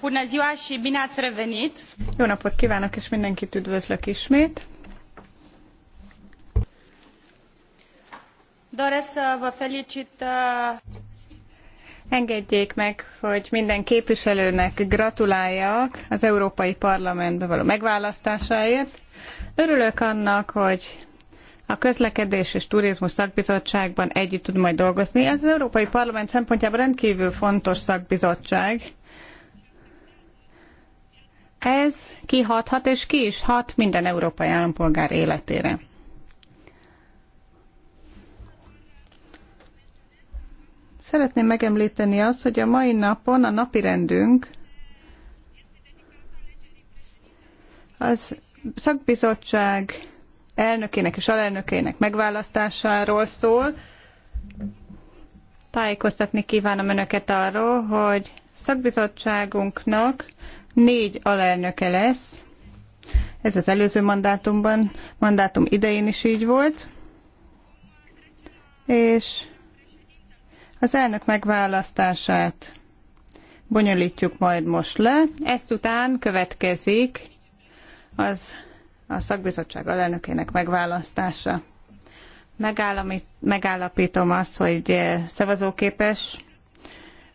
Bună ziua și bine ați revenit! Jó napot kívánok, és mindenkit üdvözlök ismét! Doresc să vă felicit uh, Engedjék meg, hogy minden képviselőnek gratuláljak az Európai Parlamentbe való megválasztásáért. Örülök annak, hogy a közlekedés és turizmus szakbizottságban együtt tud majd dolgozni. Ez az Európai Parlament szempontjából rendkívül fontos szakbizottság, ez kihathat és ki is hat minden európai állampolgár életére. Szeretném megemlíteni azt, hogy a mai napon a rendünk az szakbizottság elnökének és alelnökének megválasztásáról szól. Tájékoztatni kívánom önöket arról, hogy szakbizottságunknak négy alelnöke lesz. Ez az előző mandátumban, mandátum idején is így volt. És az elnök megválasztását bonyolítjuk majd most le. Ezt után következik az a szakbizottság alelnökének megválasztása. Megállapítom azt, hogy szavazóképes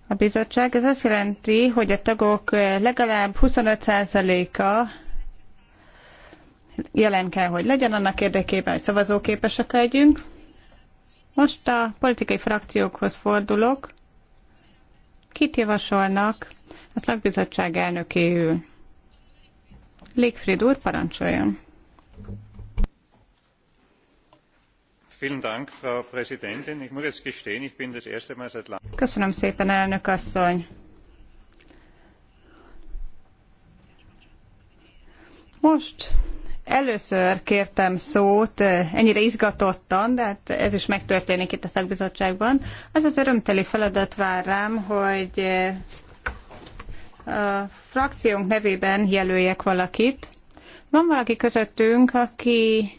a bizottság. Ez azt jelenti, hogy a tagok legalább 25%-a jelen kell, hogy legyen annak érdekében, hogy szavazóképesek legyünk. Most a politikai frakciókhoz fordulok. Kit javasolnak a szakbizottság elnökéül? Légfried úr, parancsoljon! Köszönöm szépen, elnök asszony! Most először kértem szót eh, ennyire izgatottan, de hát ez is megtörténik itt a szakbizottságban. Az az örömteli feladat vár rám, hogy eh, a frakciónk nevében jelöljek valakit. Van valaki közöttünk, aki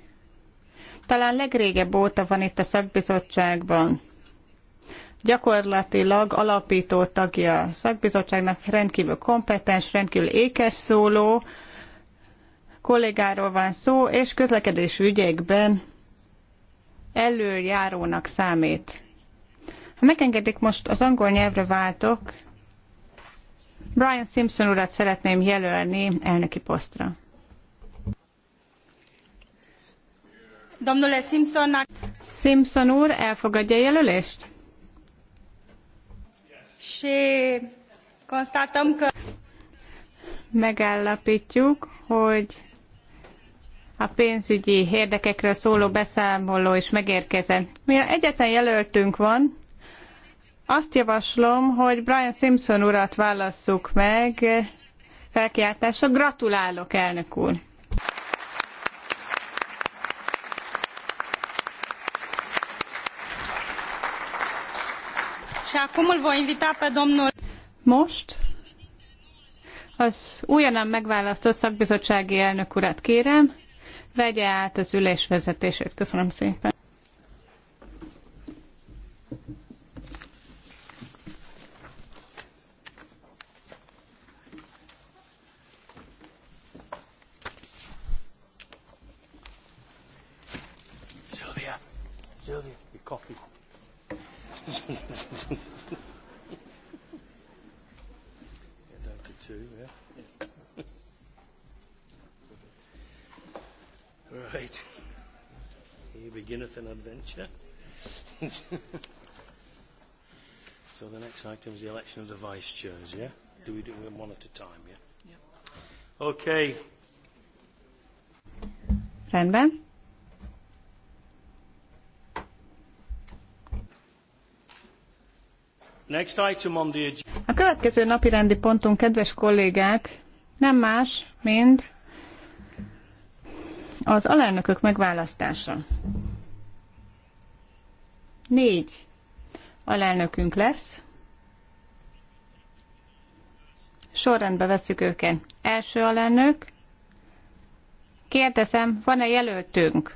talán legrégebb óta van itt a szakbizottságban. Gyakorlatilag alapító tagja a szakbizottságnak, rendkívül kompetens, rendkívül ékes szóló, kollégáról van szó, és közlekedési ügyekben előjárónak számít. Ha megengedik, most az angol nyelvre váltok. Brian Simpson urat szeretném jelölni elnöki posztra. Domnule Simpson... Simpson úr elfogadja a jelölést? Și constatăm că... Megállapítjuk, hogy a pénzügyi érdekekről szóló beszámoló is megérkezett. Mi egyetlen jelöltünk van, azt javaslom, hogy Brian Simpson urat válasszuk meg felkiáltásra. Gratulálok, elnök úr! acum îl voi invita pe domnul... Most az újonnan megválasztott szakbizottsági elnök urat kérem, vegye át az ülés vezetését. Köszönöm szépen. Sylvia, Sylvia, your coffee. begin Guinness an Adventure. so the next item is the election of the vice chairs, yeah? Do we do them one at a time, yeah? yeah. Okay. Rendben. Next item on the agenda. a következő napi rendi pontunk, kedves kollégák, nem más, mint az alelnökök megválasztása. Négy alelnökünk lesz. Sorrendbe veszük őket. Első alelnök. Kérdezem, van-e jelöltünk?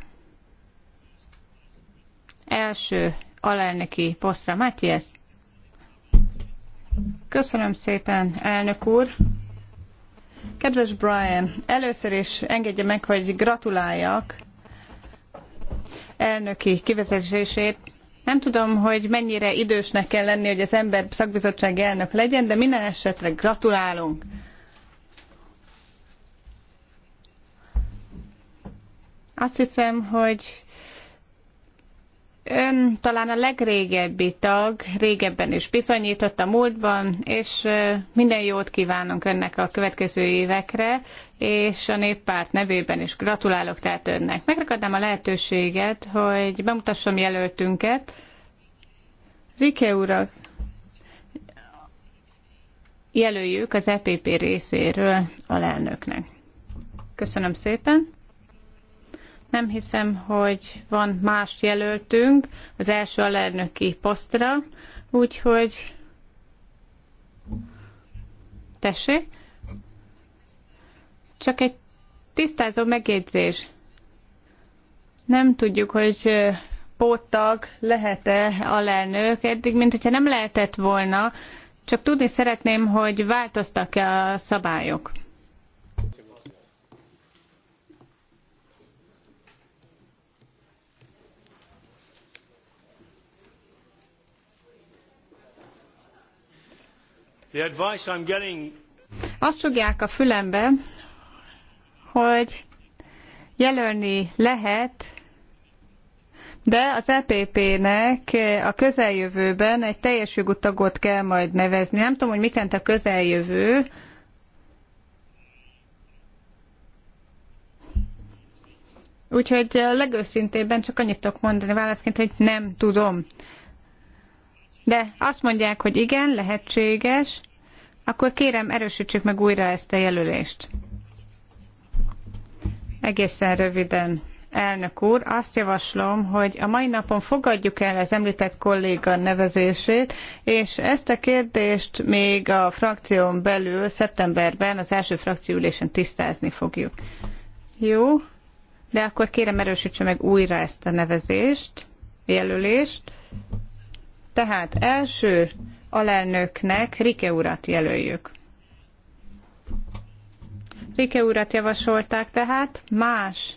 Első alelnöki posztra. Matthias? Köszönöm szépen, elnök úr. Kedves Brian, először is engedje meg, hogy gratuláljak elnöki kivezetését nem tudom, hogy mennyire idősnek kell lenni, hogy az ember szakbizottság elnök legyen, de minden esetre gratulálunk. Azt hiszem, hogy Ön talán a legrégebbi tag, régebben is bizonyított a múltban, és minden jót kívánunk önnek a következő évekre, és a néppárt nevében is gratulálok tehát önnek. Megragadnám a lehetőséget, hogy bemutassam jelöltünket. Rike urak, jelöljük az EPP részéről alelnöknek. Köszönöm szépen. Nem hiszem, hogy van más jelöltünk az első alelnöki posztra, úgyhogy tessék. Csak egy tisztázó megjegyzés. Nem tudjuk, hogy póttag lehet-e alelnök. Eddig, mint hogyha nem lehetett volna, csak tudni szeretném, hogy változtak-e a szabályok. Azt fogják a fülembe, hogy jelölni lehet, de az EPP-nek a közeljövőben egy teljes jogú tagot kell majd nevezni. Nem tudom, hogy mit jelent a közeljövő. Úgyhogy legőszintébben csak annyit tudok mondani válaszként, hogy nem tudom de azt mondják, hogy igen, lehetséges, akkor kérem, erősítsük meg újra ezt a jelölést. Egészen röviden. Elnök úr, azt javaslom, hogy a mai napon fogadjuk el az említett kolléga nevezését, és ezt a kérdést még a frakción belül szeptemberben az első frakcióülésen tisztázni fogjuk. Jó, de akkor kérem erősítse meg újra ezt a nevezést, jelölést. Tehát első alelnöknek Rike urat jelöljük. Rike urat javasolták tehát, más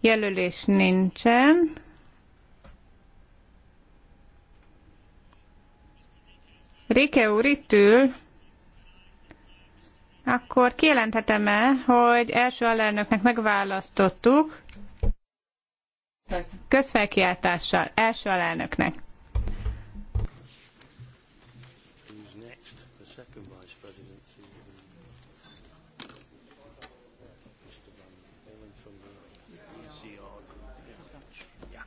jelölés nincsen. Rike úr itt ül, akkor kijelenthetem-e, hogy első alelnöknek megválasztottuk közfelkiáltással első alelnöknek. second vice presidency. Um, Mr. Van Halen from the ECR. Yeah.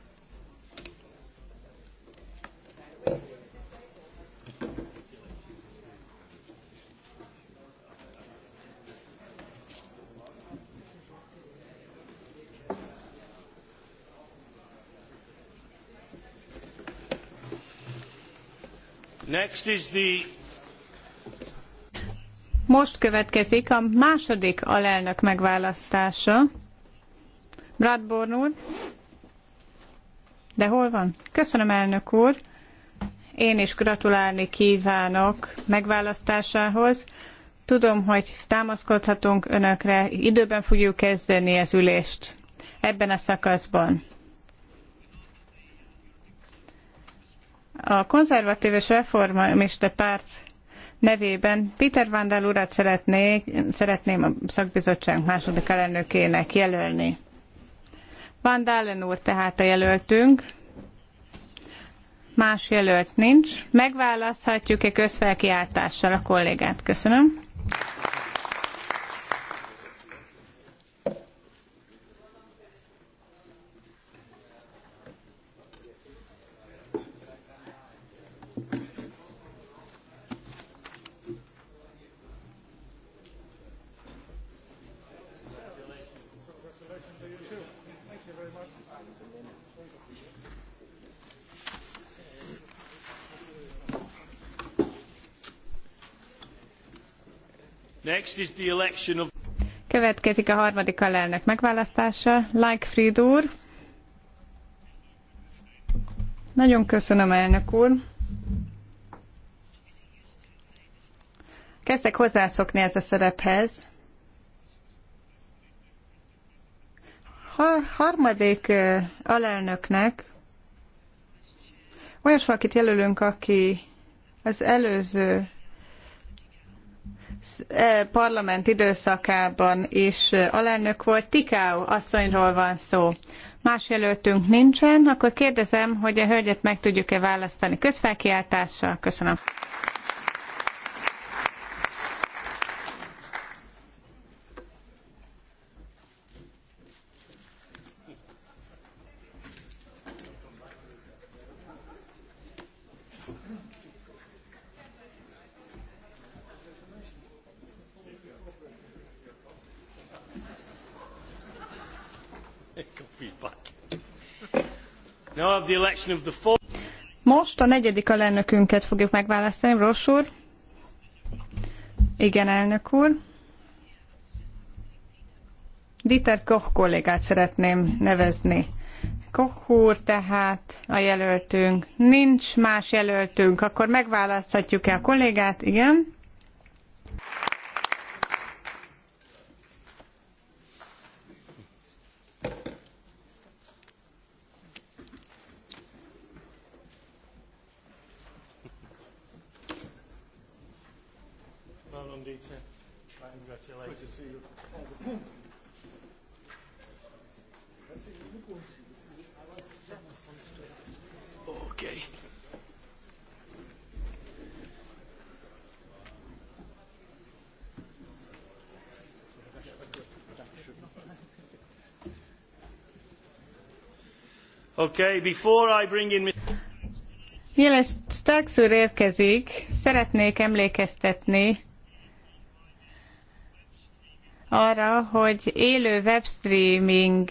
yeah. Next is the most következik a második alelnök megválasztása. Bradborn úr. De hol van? Köszönöm, elnök úr. Én is gratulálni kívánok megválasztásához. Tudom, hogy támaszkodhatunk önökre, időben fogjuk kezdeni az ülést ebben a szakaszban. A konzervatív és reformista párt nevében Peter Vandal urat szeretnék, szeretném a szakbizottság második elnökének jelölni. Van Dalen úr tehát a jelöltünk. Más jelölt nincs. Megválaszthatjuk-e közfelkiáltással a kollégát? Köszönöm. Next is the election of... Következik a harmadik alelnök megválasztása. Like úr. Nagyon köszönöm, elnök úr. Kezdek hozzászokni ez a szerephez. Ha harmadik alelnöknek olyas valakit jelölünk, aki az előző E, parlament időszakában is e, alelnök volt. Tikau asszonyról van szó. Más jelöltünk nincsen, akkor kérdezem, hogy a hölgyet meg tudjuk-e választani közfelkiáltással. Köszönöm. Most a negyedik alelnökünket fogjuk megválasztani, Ross úr. Igen, elnök úr. Dieter Koch kollégát szeretném nevezni. Koch úr tehát a jelöltünk. Nincs más jelöltünk, akkor megválaszthatjuk-e a kollégát? Igen. Okay, before I bring in... Mielőtt Starks úr érkezik, szeretnék emlékeztetni arra, hogy élő webstreaming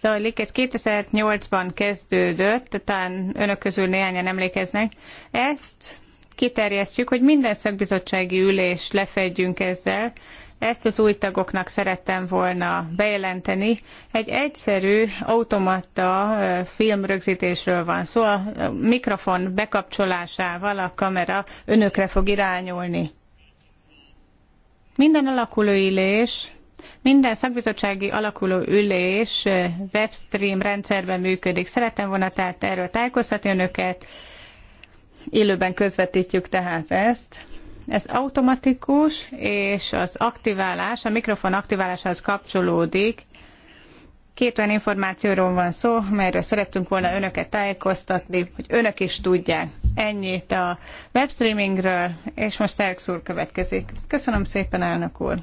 zajlik. Ez 2008-ban kezdődött, talán önök közül néhányan emlékeznek. Ezt kiterjesztjük, hogy minden szakbizottsági ülés lefedjünk ezzel, ezt az új tagoknak szerettem volna bejelenteni. Egy egyszerű automata filmrögzítésről van szó. A mikrofon bekapcsolásával a kamera önökre fog irányulni. Minden alakulóülés, minden szakbizottsági alakulóülés webstream rendszerben működik. Szerettem volna tehát erről tájékoztatni önöket. Élőben közvetítjük tehát ezt. Ez automatikus, és az aktiválás, a mikrofon aktiválásához kapcsolódik. Két olyan információról van szó, melyről szerettünk volna önöket tájékoztatni, hogy önök is tudják. Ennyit a webstreamingről, és most Alex úr következik. Köszönöm szépen, elnök úr!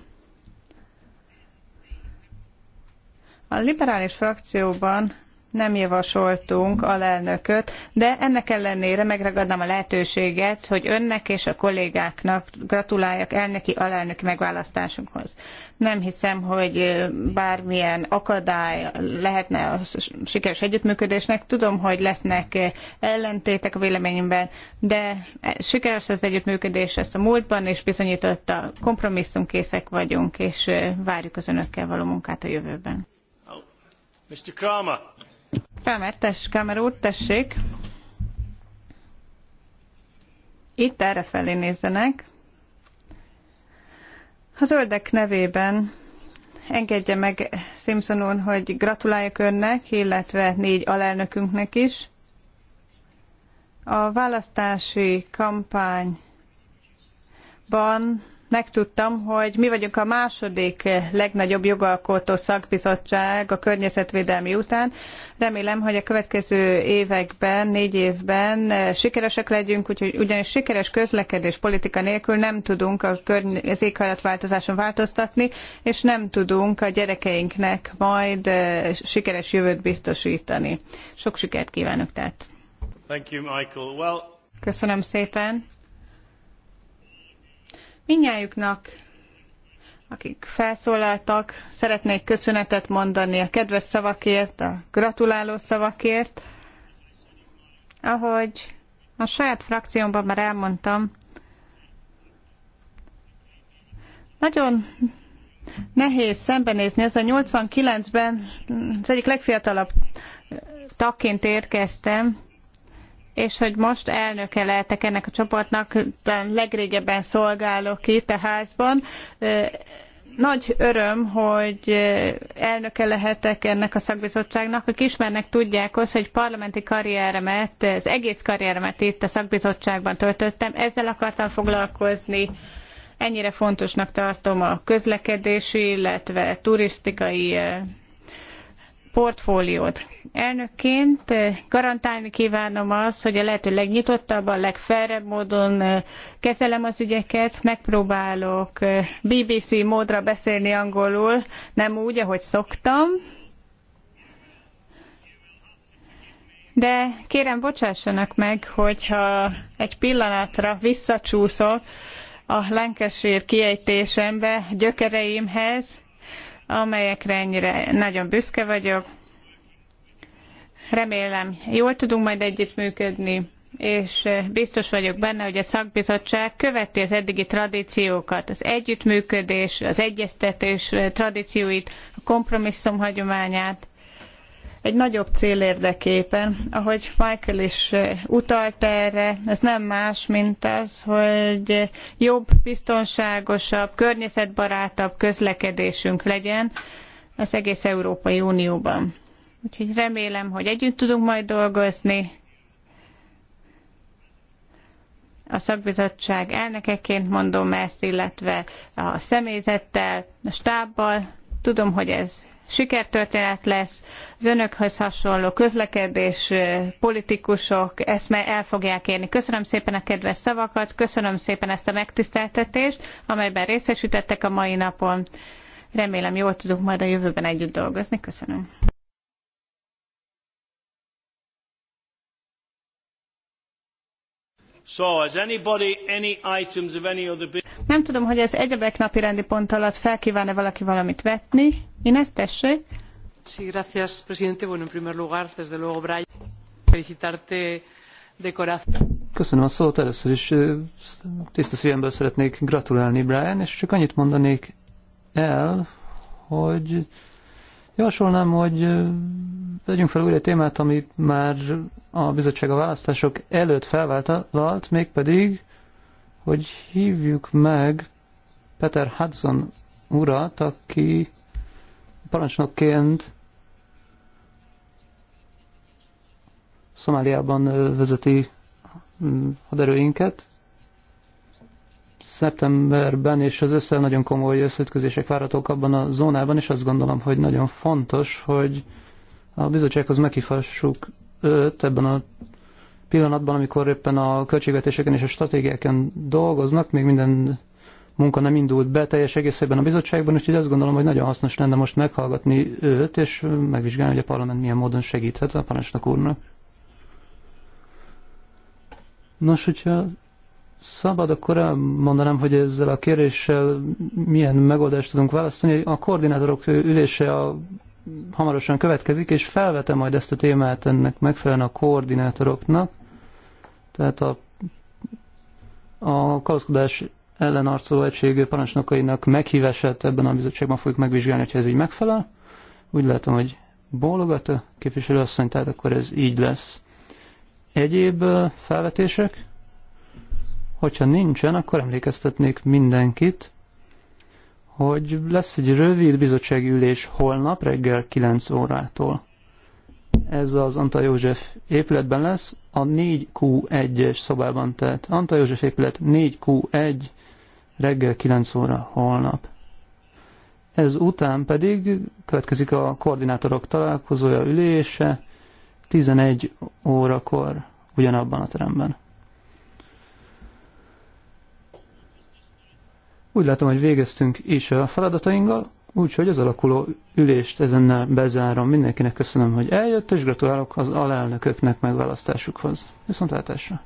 A liberális frakcióban nem javasoltunk alelnököt, de ennek ellenére megragadnám a lehetőséget, hogy önnek és a kollégáknak gratuláljak elnöki alelnöki megválasztásunkhoz. Nem hiszem, hogy bármilyen akadály lehetne a sikeres együttműködésnek. Tudom, hogy lesznek ellentétek a véleményünkben, de e, sikeres az együttműködés, ezt a múltban és bizonyította, kompromisszumkészek vagyunk, és várjuk az önökkel való munkát a jövőben. Mr. Kramer. Kramer, tess, Kramer úr, tessék. Itt erre felé nézzenek. A zöldek nevében engedje meg Simpson úr, hogy gratuláljak önnek, illetve négy alelnökünknek is. A választási kampányban megtudtam, hogy mi vagyunk a második legnagyobb jogalkotó szakbizottság a környezetvédelmi után. Remélem, hogy a következő években, négy évben sikeresek legyünk, úgyhogy ugyanis sikeres közlekedés politika nélkül nem tudunk a körny- az éghajlatváltozáson változtatni, és nem tudunk a gyerekeinknek majd eh, sikeres jövőt biztosítani. Sok sikert kívánok tehát! Köszönöm szépen! Minnyájuknak, akik felszólaltak, szeretnék köszönetet mondani a kedves szavakért, a gratuláló szavakért. Ahogy a saját frakciómban már elmondtam, nagyon nehéz szembenézni. Ez a 89-ben az egyik legfiatalabb tagként érkeztem, és hogy most elnöke lehetek ennek a csoportnak, de legrégebben szolgálok itt a házban. Nagy öröm, hogy elnöke lehetek ennek a szakbizottságnak. Akik ismernek, tudják azt, hogy parlamenti karrieremet, az egész karrieremet itt a szakbizottságban töltöttem. Ezzel akartam foglalkozni ennyire fontosnak tartom a közlekedési, illetve turisztikai portfóliót. Elnökként eh, garantálni kívánom azt, hogy a lehető legnyitottabban, legfelrebb módon eh, kezelem az ügyeket, megpróbálok eh, BBC módra beszélni angolul, nem úgy, ahogy szoktam, De kérem, bocsássanak meg, hogyha egy pillanatra visszacsúszok a Lancashire kiejtésembe, gyökereimhez, amelyekre ennyire nagyon büszke vagyok. Remélem, jól tudunk majd együttműködni, és biztos vagyok benne, hogy a szakbizottság követi az eddigi tradíciókat, az együttműködés, az egyeztetés tradícióit, a kompromisszum hagyományát egy nagyobb cél érdekében. Ahogy Michael is eh, utalt erre, ez nem más, mint az, hogy jobb, biztonságosabb, környezetbarátabb közlekedésünk legyen az egész Európai Unióban. Úgyhogy remélem, hogy együtt tudunk majd dolgozni. A szakbizottság elnökeként mondom ezt, illetve a személyzettel, a stábbal. Tudom, hogy ez sikertörténet lesz, az önökhöz hasonló közlekedés, politikusok ezt már el fogják érni. Köszönöm szépen a kedves szavakat, köszönöm szépen ezt a megtiszteltetést, amelyben részesítettek a mai napon. Remélem jól tudunk majd a jövőben együtt dolgozni. Köszönöm. Nem tudom, hogy ez egyebek napi rendi pont alatt felkívánne valaki valamit vetni. Én ezt tessék. Sí, gracias, presidente. Bueno, en primer lugar, desde luego, Brian, felicitarte de corazón. Köszönöm a szót. Először is tiszta szívemből szeretnék gratulálni, Brian, és csak annyit mondanék el, hogy Javasolnám, hogy vegyünk fel újra témát, ami már a bizottság a választások előtt felvállalt, mégpedig, hogy hívjuk meg Peter Hudson urat, aki parancsnokként Szomáliában vezeti haderőinket, szeptemberben, és az össze nagyon komoly összeütközések várhatók abban a zónában, és azt gondolom, hogy nagyon fontos, hogy a bizottsághoz megkifassuk őt ebben a pillanatban, amikor éppen a költségvetéseken és a stratégiáken dolgoznak, még minden munka nem indult be teljes egészében a bizottságban, úgyhogy azt gondolom, hogy nagyon hasznos lenne most meghallgatni őt, és megvizsgálni, hogy a parlament milyen módon segíthet a parancsnok úrnak. Nos, hogyha szabad, akkor elmondanám, hogy ezzel a kéréssel milyen megoldást tudunk választani. A koordinátorok ülése a hamarosan következik, és felvetem majd ezt a témát ennek megfelelően a koordinátoroknak. Tehát a, a kalózkodás ellenarcoló egység parancsnokainak meghívását ebben a bizottságban fogjuk megvizsgálni, hogyha ez így megfelel. Úgy látom, hogy bólogat a képviselőasszony, tehát akkor ez így lesz. Egyéb felvetések? Hogyha nincsen, akkor emlékeztetnék mindenkit, hogy lesz egy rövid bizottsági ülés holnap reggel 9 órától. Ez az Anta József épületben lesz, a 4Q1-es szobában, tehát Anta József épület 4Q1 reggel 9 óra holnap. Ez után pedig következik a koordinátorok találkozója ülése 11 órakor ugyanabban a teremben. Úgy látom, hogy végeztünk is a feladatainkkal, úgyhogy az alakuló ülést ezennel bezárom. Mindenkinek köszönöm, hogy eljött, és gratulálok az alelnököknek megválasztásukhoz. Viszontlátásra!